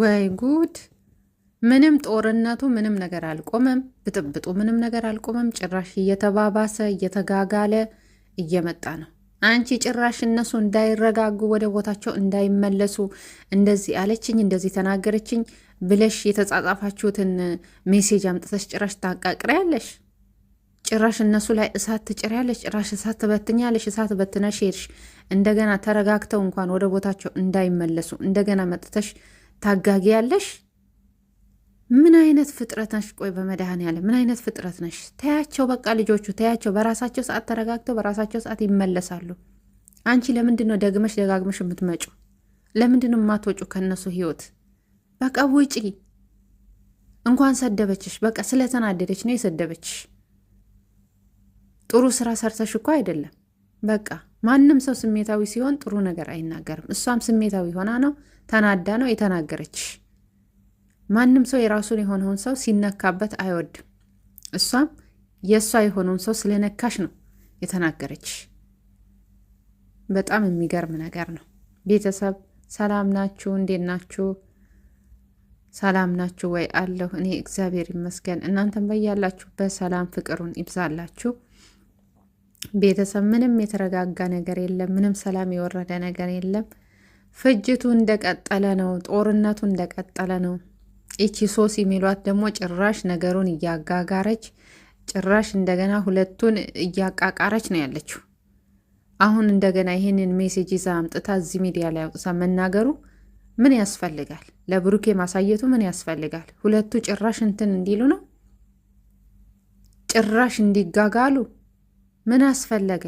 ወይ ጉድ! ምንም ጦርነቱ ምንም ነገር አልቆመም፣ ብጥብጡ ምንም ነገር አልቆመም። ጭራሽ እየተባባሰ እየተጋጋለ እየመጣ ነው። አንቺ ጭራሽ እነሱ እንዳይረጋጉ ወደ ቦታቸው እንዳይመለሱ እንደዚህ አለችኝ እንደዚህ ተናገረችኝ ብለሽ የተጻጻፋችሁትን ሜሴጅ አምጥተሽ ጭራሽ ታቃቅሪያለሽ። ጭራሽ እነሱ ላይ እሳት ትጭሪያለሽ። ጭራሽ እሳት ትበትኛለሽ። እሳት በትነሽ ሄድሽ። እንደገና ተረጋግተው እንኳን ወደ ቦታቸው እንዳይመለሱ እንደገና መጥተሽ ታጋጊ ያለሽ ምን አይነት ፍጥረት ነሽ? ቆይ ያለ ምን አይነት ፍጥረት ነሽ? ተያቸው በቃ ልጆቹ ተያቸው። በራሳቸው ሰዓት ተረጋግተው በራሳቸው ሰዓት ይመለሳሉ። አንቺ ለምንድን ነው ደግመሽ ደጋግመሽ የምትመጩ? ለምንድን ነው የማትወጩ ከእነሱ ህይወት? በቃ ውጪ። እንኳን ሰደበችሽ፣ በቃ ስለተናደደች ነው የሰደበችሽ። ጥሩ ስራ ሰርተሽ እኮ አይደለም በቃ ማንም ሰው ስሜታዊ ሲሆን ጥሩ ነገር አይናገርም። እሷም ስሜታዊ ሆና ነው ተናዳ ነው የተናገረች። ማንም ሰው የራሱን የሆነውን ሰው ሲነካበት አይወድም። እሷም የእሷ የሆነውን ሰው ስለነካሽ ነው የተናገረች። በጣም የሚገርም ነገር ነው። ቤተሰብ ሰላም ናችሁ? እንዴት ናችሁ? ሰላም ናችሁ ወይ? አለሁ እኔ እግዚአብሔር ይመስገን። እናንተም በያላችሁበት ሰላም ፍቅሩን ይብዛላችሁ። ቤተሰብ ምንም የተረጋጋ ነገር የለም። ምንም ሰላም የወረደ ነገር የለም። ፍጅቱ እንደቀጠለ ነው። ጦርነቱ እንደቀጠለ ነው። ይቺ ሶስ የሚሏት ደግሞ ጭራሽ ነገሩን እያጋጋረች ጭራሽ እንደገና ሁለቱን እያቃቃረች ነው ያለችው። አሁን እንደገና ይህንን ሜሴጅ ይዛ አምጥታ እዚህ ሚዲያ ላይ አውጥታ መናገሩ ምን ያስፈልጋል? ለብሩኬ ማሳየቱ ምን ያስፈልጋል? ሁለቱ ጭራሽ እንትን እንዲሉ ነው ጭራሽ እንዲጋጋሉ ምን አስፈለገ?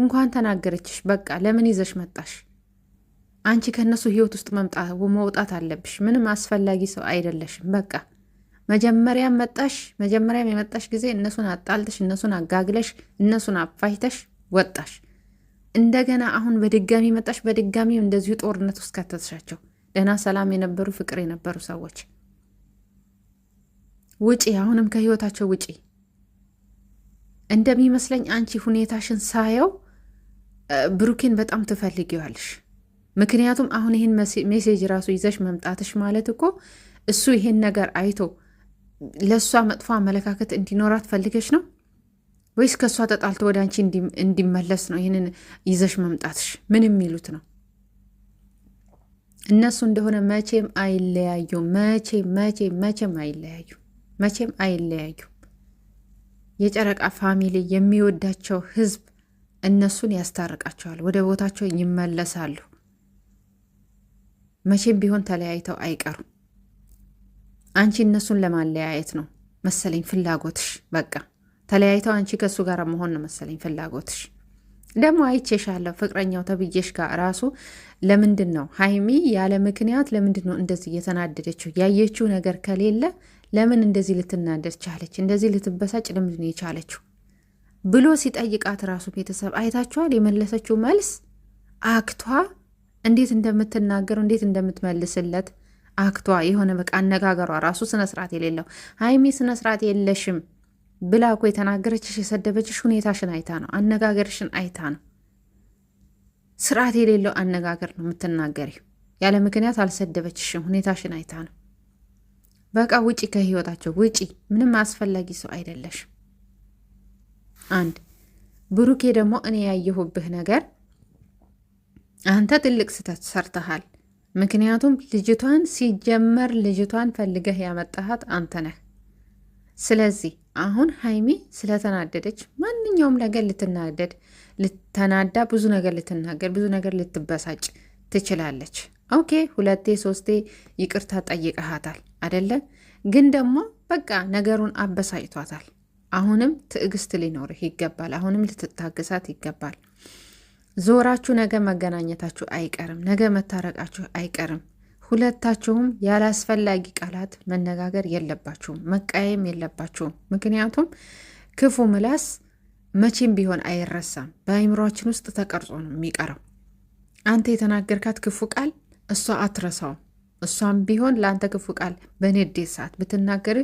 እንኳን ተናገረችሽ። በቃ ለምን ይዘሽ መጣሽ? አንቺ ከእነሱ ህይወት ውስጥ መውጣት አለብሽ። ምንም አስፈላጊ ሰው አይደለሽም። በቃ መጀመሪያም መጣሽ መጀመሪያም የመጣሽ ጊዜ እነሱን አጣልተሽ እነሱን አጋግለሽ እነሱን አፋይተሽ ወጣሽ። እንደገና አሁን በድጋሚ መጣሽ። በድጋሚ እንደዚሁ ጦርነት ውስጥ ከተትሻቸው ደህና ሰላም የነበሩ ፍቅር የነበሩ ሰዎች ውጪ፣ አሁንም ከህይወታቸው ውጪ። እንደሚመስለኝ አንቺ ሁኔታሽን ሳየው ብሩኬን በጣም ትፈልጊዋለሽ። ምክንያቱም አሁን ይህን ሜሴጅ ራሱ ይዘሽ መምጣትሽ ማለት እኮ እሱ ይሄን ነገር አይቶ ለእሷ መጥፎ አመለካከት እንዲኖራት ፈልገሽ ነው ወይስ ከእሷ ተጣልቶ ወደ አንቺ እንዲመለስ ነው? ይህንን ይዘሽ መምጣትሽ ምን የሚሉት ነው? እነሱ እንደሆነ መቼም አይለያዩ። መቼም መቼም መቼም አይለያዩ። መቼም አይለያዩ። የጨረቃ ፋሚሊ የሚወዳቸው ህዝብ እነሱን ያስታርቃቸዋል፣ ወደ ቦታቸው ይመለሳሉ። መቼም ቢሆን ተለያይተው አይቀሩም። አንቺ እነሱን ለማለያየት ነው መሰለኝ ፍላጎትሽ። በቃ ተለያይተው አንቺ ከእሱ ጋር መሆን ነው መሰለኝ ፍላጎትሽ። ደግሞ አይቼሻለሁ ፍቅረኛው ተብዬሽ ጋር ራሱ ለምንድን ነው ሀይሚ ያለ ምክንያት ለምንድን ነው እንደዚህ እየተናደደችው? ያየችው ነገር ከሌለ ለምን እንደዚህ ልትናደድ ቻለች? እንደዚህ ልትበሳጭ ለምንድን ነው የቻለችው ብሎ ሲጠይቃት ራሱ ቤተሰብ አይታችኋል። የመለሰችው መልስ አክቷ እንዴት እንደምትናገር እንዴት እንደምትመልስለት አክቷ የሆነ በቃ አነጋገሯ ራሱ ስነስርዓት የሌለው ሀይሚ ስነስርዓት የለሽም ብላ እኮ የተናገረችሽ የሰደበችሽ ሁኔታሽን አይታ ነው፣ አነጋገርሽን አይታ ነው። ስርዓት የሌለው አነጋገር ነው የምትናገሪ። ያለ ምክንያት አልሰደበችሽም፣ ሁኔታሽን አይታ ነው። በቃ ውጪ፣ ከህይወታቸው ውጪ። ምንም አስፈላጊ ሰው አይደለሽ። አንድ ብሩኬ ደግሞ እኔ ያየሁብህ ነገር አንተ ትልቅ ስህተት ሰርተሃል። ምክንያቱም ልጅቷን ሲጀመር ልጅቷን ፈልገህ ያመጣሃት አንተ ነህ። ስለዚህ አሁን ሀይሚ ስለተናደደች ማንኛውም ነገር ልትናደድ ልተናዳ ብዙ ነገር ልትናገር ብዙ ነገር ልትበሳጭ ትችላለች። ኦኬ ሁለቴ ሶስቴ ይቅርታ ጠይቀሃታል። አደለ? ግን ደግሞ በቃ ነገሩን አበሳጭቷታል። አሁንም ትዕግስት ሊኖርህ ይገባል። አሁንም ልትታገሳት ይገባል። ዞራችሁ ነገ መገናኘታችሁ አይቀርም። ነገ መታረቃችሁ አይቀርም። ሁለታችሁም ያላስፈላጊ ቃላት መነጋገር የለባችሁም፣ መቃየም የለባችሁም። ምክንያቱም ክፉ ምላስ መቼም ቢሆን አይረሳም። በአይምሯችን ውስጥ ተቀርጾ ነው የሚቀረው። አንተ የተናገርካት ክፉ ቃል እሷ አትረሳውም። እሷም ቢሆን ለአንተ ክፉ ቃል በንዴት ሰዓት ብትናገር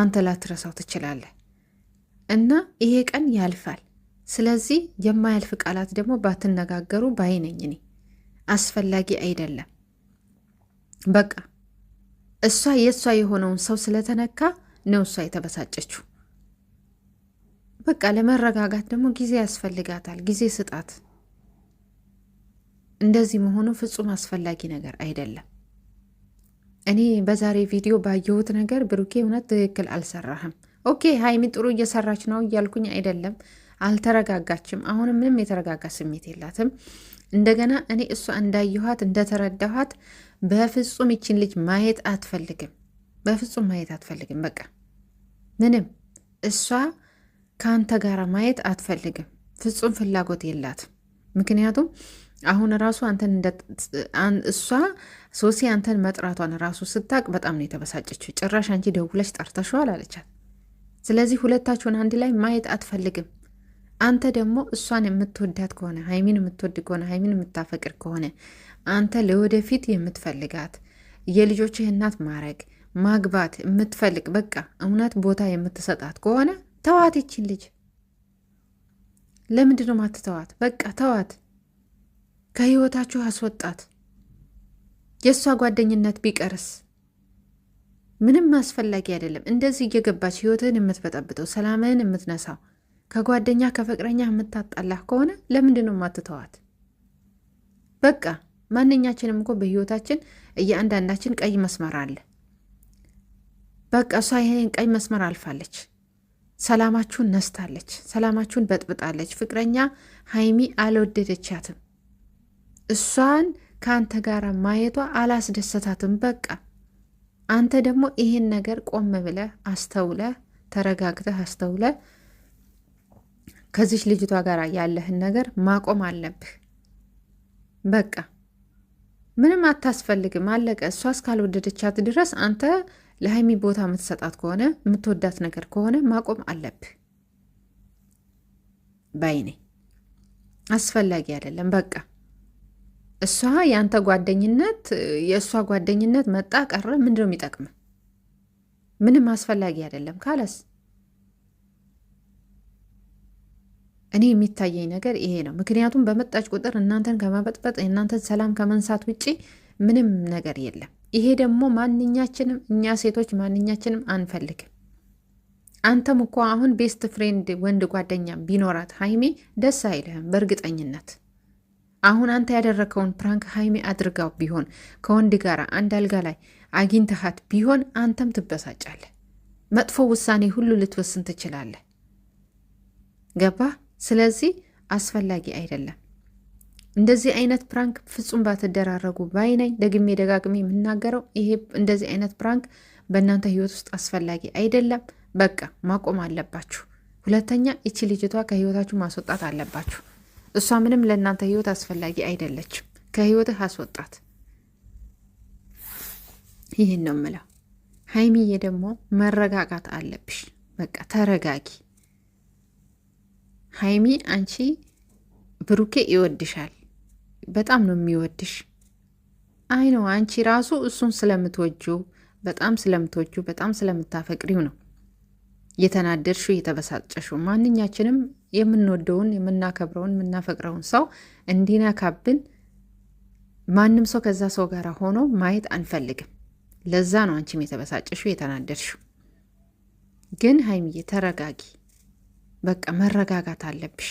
አንተ ላትረሳው ትችላለህ እና ይሄ ቀን ያልፋል። ስለዚህ የማያልፍ ቃላት ደግሞ ባትነጋገሩ ባይነኝ እኔ አስፈላጊ አይደለም። በቃ እሷ የእሷ የሆነውን ሰው ስለተነካ ነው እሷ የተበሳጨችው። በቃ ለመረጋጋት ደግሞ ጊዜ ያስፈልጋታል። ጊዜ ስጣት። እንደዚህ መሆኑ ፍጹም አስፈላጊ ነገር አይደለም። እኔ በዛሬ ቪዲዮ ባየሁት ነገር ብሩኬ እውነት ትክክል አልሰራህም። ኦኬ ሀይሚ ጥሩ እየሰራች ነው እያልኩኝ አይደለም። አልተረጋጋችም። አሁንም ምንም የተረጋጋ ስሜት የላትም። እንደገና እኔ እሷ እንዳየኋት እንደተረዳኋት በፍጹም ይችን ልጅ ማየት አትፈልግም። በፍጹም ማየት አትፈልግም። በቃ ምንም እሷ ከአንተ ጋር ማየት አትፈልግም። ፍጹም ፍላጎት የላትም። ምክንያቱም አሁን ራሱ አንተን እሷ ሶሲ አንተን መጥራቷን ራሱ ስታቅ በጣም ነው የተበሳጨችው። ጭራሽ አንቺ ደውለሽ ጠርተሸዋል አለቻት። ስለዚህ ሁለታችሁን አንድ ላይ ማየት አትፈልግም። አንተ ደግሞ እሷን የምትወዳት ከሆነ ሀይሚን የምትወድ ከሆነ ሀይሚን የምታፈቅር ከሆነ አንተ ለወደፊት የምትፈልጋት የልጆችህ እናት ማረግ ማግባት የምትፈልግ በቃ እውነት ቦታ የምትሰጣት ከሆነ ተዋት። ይችን ልጅ ለምንድነው ማትተዋት? በቃ ተዋት። ከህይወታችሁ አስወጣት። የእሷ ጓደኝነት ቢቀርስ ምንም አስፈላጊ አይደለም። እንደዚህ እየገባች ህይወትህን የምትበጠብጠው ሰላምህን የምትነሳው ከጓደኛ ከፍቅረኛ የምታጣላህ ከሆነ ለምንድን ነው ማትተዋት? በቃ ማንኛችንም እኮ በህይወታችን እያንዳንዳችን ቀይ መስመር አለ። በቃ እሷ ይህን ቀይ መስመር አልፋለች። ሰላማችሁን ነስታለች። ሰላማችሁን በጥብጣለች። ፍቅረኛ ሀይሚ አልወደደቻትም። እሷን ከአንተ ጋር ማየቷ አላስደሰታትም። በቃ አንተ ደግሞ ይህን ነገር ቆም ብለህ አስተውለህ ተረጋግተህ አስተውለህ ከዚች ልጅቷ ጋር ያለህን ነገር ማቆም አለብህ። በቃ ምንም አታስፈልግም፣ አለቀ። እሷ እስካልወደደቻት ድረስ አንተ ለሀይሚ ቦታ የምትሰጣት ከሆነ የምትወዳት ነገር ከሆነ ማቆም አለብህ። ባይኔ አስፈላጊ አይደለም በቃ እሷ የአንተ ጓደኝነት የእሷ ጓደኝነት መጣ ቀረ ምንድን ነው የሚጠቅም? ምንም አስፈላጊ አይደለም። ካለስ እኔ የሚታየኝ ነገር ይሄ ነው። ምክንያቱም በመጣች ቁጥር እናንተን ከመበጥበጥ እናንተን ሰላም ከመንሳት ውጪ ምንም ነገር የለም። ይሄ ደግሞ ማንኛችንም እኛ ሴቶች ማንኛችንም አንፈልግም። አንተም እኮ አሁን ቤስት ፍሬንድ ወንድ ጓደኛም ቢኖራት ሀይሜ ደስ አይልህም በእርግጠኝነት አሁን አንተ ያደረከውን ፕራንክ ሀይሜ አድርጋው ቢሆን ከወንድ ጋር አንድ አልጋ ላይ አግኝተሃት ቢሆን አንተም ትበሳጫለህ። መጥፎ ውሳኔ ሁሉ ልትወስን ትችላለህ። ገባ? ስለዚህ አስፈላጊ አይደለም። እንደዚህ አይነት ፕራንክ ፍጹም ባትደራረጉ ባይነኝ። ደግሜ ደጋግሜ የምናገረው ይሄ እንደዚህ አይነት ፕራንክ በእናንተ ህይወት ውስጥ አስፈላጊ አይደለም። በቃ ማቆም አለባችሁ። ሁለተኛ ይቺ ልጅቷ ከህይወታችሁ ማስወጣት አለባችሁ። እሷ ምንም ለእናንተ ህይወት አስፈላጊ አይደለችም። ከህይወትህ አስወጣት። ይህን ነው ምለው። ሀይሚዬ ደግሞ መረጋጋት አለብሽ። በቃ ተረጋጊ ሀይሚ። አንቺ ብሩኬ ይወድሻል፣ በጣም ነው የሚወድሽ። አይ ነው አንቺ ራሱ እሱን ስለምትወጁ በጣም ስለምትወጁ በጣም ስለምታፈቅሪው ነው የተናደድሽው የተበሳጨሹ። ማንኛችንም የምንወደውን የምናከብረውን የምናፈቅረውን ሰው እንዲነካብን ማንም ሰው ከዛ ሰው ጋር ሆኖ ማየት አንፈልግም። ለዛ ነው አንቺም የተበሳጨሹ የተናደድሽው። ግን ሀይሚዬ ተረጋጊ፣ በቃ መረጋጋት አለብሽ።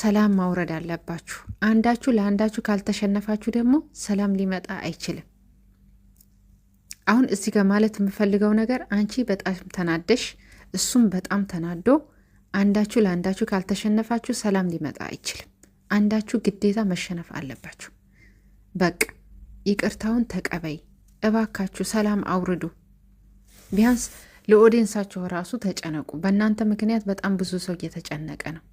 ሰላም ማውረድ አለባችሁ። አንዳችሁ ለአንዳችሁ ካልተሸነፋችሁ ደግሞ ሰላም ሊመጣ አይችልም። አሁን እዚህ ጋር ማለት የምፈልገው ነገር አንቺ በጣም ተናደሽ፣ እሱም በጣም ተናዶ አንዳችሁ ለአንዳችሁ ካልተሸነፋችሁ ሰላም ሊመጣ አይችልም። አንዳችሁ ግዴታ መሸነፍ አለባችሁ። በቃ ይቅርታውን ተቀበይ እባካችሁ፣ ሰላም አውርዱ። ቢያንስ ለኦዲየንሳችሁ ራሱ ተጨነቁ። በእናንተ ምክንያት በጣም ብዙ ሰው እየተጨነቀ ነው።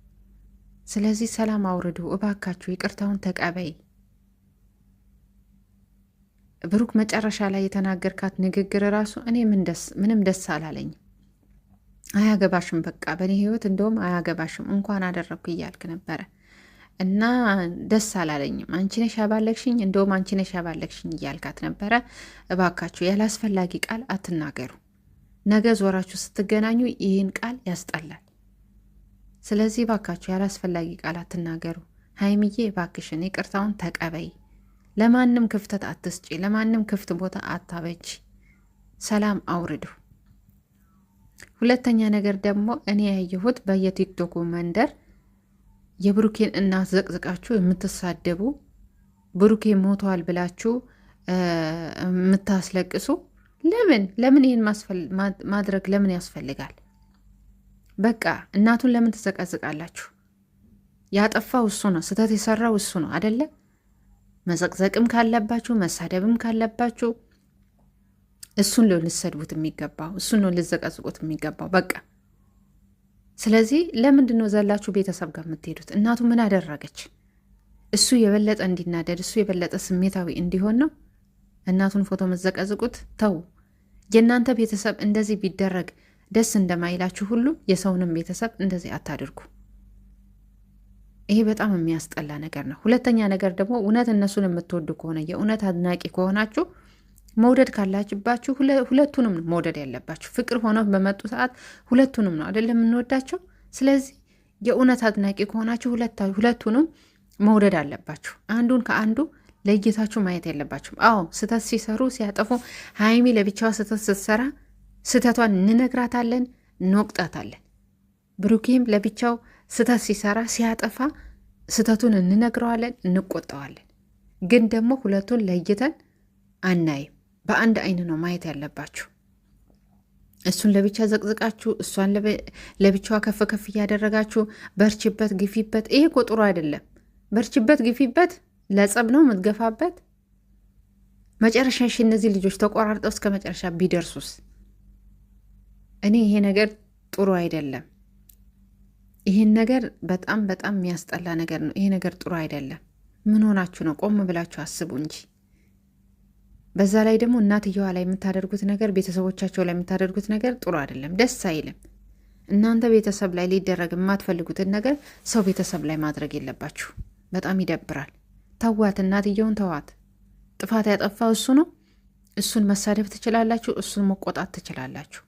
ስለዚህ ሰላም አውርዱ እባካችሁ፣ ይቅርታውን ተቀበይ። ብሩክ መጨረሻ ላይ የተናገርካት ንግግር ራሱ እኔ ምንም ደስ አላለኝም። አያገባሽም በቃ በእኔ ህይወት እንደውም አያገባሽም እንኳን አደረግኩ እያልክ ነበረ እና ደስ አላለኝም። አንቺ ነሽ ያባለግሽኝ፣ እንደውም አንቺ ነሽ ያባለግሽኝ እያልካት ነበረ። እባካችሁ ያላስፈላጊ ቃል አትናገሩ። ነገ ዞራችሁ ስትገናኙ ይህን ቃል ያስጠላል። ስለዚህ እባካችሁ ያላስፈላጊ ቃል አትናገሩ። ሀይምዬ እባክሽን ይቅርታውን ተቀበይ። ለማንም ክፍተት አትስጪ፣ ለማንም ክፍት ቦታ አታበጅ። ሰላም አውርዱ። ሁለተኛ ነገር ደግሞ እኔ ያየሁት በየቲክቶኩ መንደር የብሩኬን እናት ዘቅዝቃችሁ የምትሳደቡ ብሩኬ ሞተዋል ብላችሁ የምታስለቅሱ ለምን ለምን ይህን ማድረግ ለምን ያስፈልጋል? በቃ እናቱን ለምን ትዘቀዝቃላችሁ? ያጠፋው እሱ ነው፣ ስህተት የሰራው እሱ ነው አደለ? መዘቅዘቅም ካለባችሁ መሳደብም ካለባችሁ እሱን ነው ልሰድቡት የሚገባው፣ እሱን ነው ልዘቀዝቁት የሚገባው። በቃ ስለዚህ ለምንድን ነው ዘላችሁ ቤተሰብ ጋር የምትሄዱት? እናቱ ምን አደረገች? እሱ የበለጠ እንዲናደድ እሱ የበለጠ ስሜታዊ እንዲሆን ነው እናቱን ፎቶ መዘቀዝቁት? ተው። የእናንተ ቤተሰብ እንደዚህ ቢደረግ ደስ እንደማይላችሁ ሁሉ የሰውንም ቤተሰብ እንደዚህ አታድርጉ። ይሄ በጣም የሚያስጠላ ነገር ነው። ሁለተኛ ነገር ደግሞ እውነት እነሱን የምትወዱ ከሆነ የእውነት አድናቂ ከሆናችሁ መውደድ ካላችባችሁ ሁለቱንም ነው መውደድ ያለባችሁ። ፍቅር ሆነው በመጡ ሰዓት ሁለቱንም ነው አይደለም የምንወዳቸው። ስለዚህ የእውነት አድናቂ ከሆናችሁ ሁለቱንም መውደድ አለባችሁ። አንዱን ከአንዱ ለይታችሁ ማየት የለባችሁም። አዎ ስህተት ሲሰሩ ሲያጠፉ፣ ሀይሚ ለብቻዋ ስህተት ስትሰራ ስህተቷን እንነግራታለን፣ እንወቅጣታለን። ብሩኬም ለብቻው ስህተት ሲሰራ ሲያጠፋ ስህተቱን እንነግረዋለን፣ እንቆጠዋለን። ግን ደግሞ ሁለቱን ለይተን አናይም። በአንድ አይን ነው ማየት ያለባችሁ። እሱን ለብቻ ዘቅዝቃችሁ እሷን ለብቻዋ ከፍ ከፍ እያደረጋችሁ በርችበት፣ ግፊበት። ይሄ እኮ ጥሩ አይደለም። በርችበት፣ ግፊበት፣ ለጸብ ነው የምትገፋበት። ሽ እነዚህ ልጆች ተቆራርጠው እስከ መጨረሻ ቢደርሱስ? እኔ ይሄ ነገር ጥሩ አይደለም። ይህን ነገር በጣም በጣም የሚያስጠላ ነገር ነው። ይሄ ነገር ጥሩ አይደለም። ምን ሆናችሁ ነው? ቆም ብላችሁ አስቡ እንጂ በዛ ላይ ደግሞ እናትየዋ ላይ የምታደርጉት ነገር ቤተሰቦቻቸው ላይ የምታደርጉት ነገር ጥሩ አይደለም፣ ደስ አይልም። እናንተ ቤተሰብ ላይ ሊደረግ የማትፈልጉትን ነገር ሰው ቤተሰብ ላይ ማድረግ የለባችሁ። በጣም ይደብራል። ተዋት፣ እናትየውን ተዋት። ጥፋት ያጠፋ እሱ ነው። እሱን መሳደብ ትችላላችሁ፣ እሱን መቆጣት ትችላላችሁ።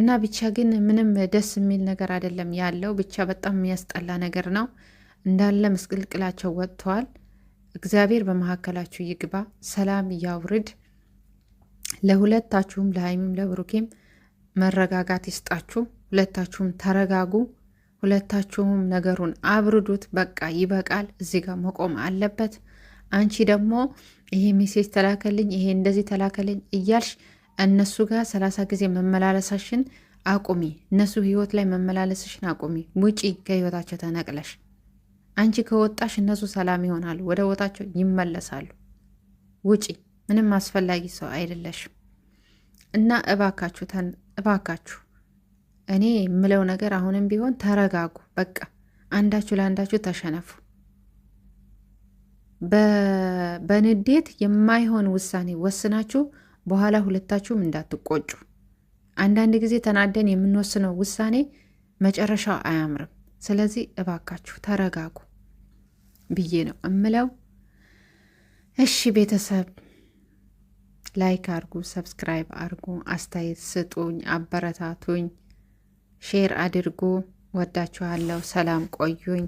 እና ብቻ ግን ምንም ደስ የሚል ነገር አይደለም ያለው። ብቻ በጣም የሚያስጠላ ነገር ነው። እንዳለ ምስቅልቅላቸው ወጥተዋል። እግዚአብሔር በመካከላችሁ ይግባ፣ ሰላም ያውርድ። ለሁለታችሁም ለሀይሚም ለብሩኬም መረጋጋት ይስጣችሁ። ሁለታችሁም ተረጋጉ። ሁለታችሁም ነገሩን አብርዱት። በቃ ይበቃል፣ እዚህ ጋር መቆም አለበት። አንቺ ደግሞ ይሄ ሜሴጅ ተላከልኝ፣ ይሄ እንደዚህ ተላከልኝ እያልሽ እነሱ ጋር ሰላሳ ጊዜ መመላለሳሽን አቁሚ። እነሱ ህይወት ላይ መመላለስሽን አቁሚ። ውጪ ከህይወታቸው ተነቅለሽ አንቺ ከወጣሽ እነሱ ሰላም ይሆናሉ፣ ወደ ቦታቸው ይመለሳሉ። ውጪ፣ ምንም አስፈላጊ ሰው አይደለሽም። እና እባካችሁ እባካችሁ እኔ የምለው ነገር አሁንም ቢሆን ተረጋጉ። በቃ አንዳችሁ ለአንዳችሁ ተሸነፉ። በንዴት የማይሆን ውሳኔ ወስናችሁ በኋላ ሁለታችሁም እንዳትቆጩ። አንዳንድ ጊዜ ተናደን የምንወስነው ውሳኔ መጨረሻው አያምርም። ስለዚህ እባካችሁ ተረጋጉ ብዬ ነው እምለው። እሺ ቤተሰብ ላይክ አርጉ፣ ሰብስክራይብ አርጉ፣ አስተያየት ስጡኝ፣ አበረታቱኝ፣ ሼር አድርጉ። ወዳችኋለሁ። ሰላም ቆዩኝ።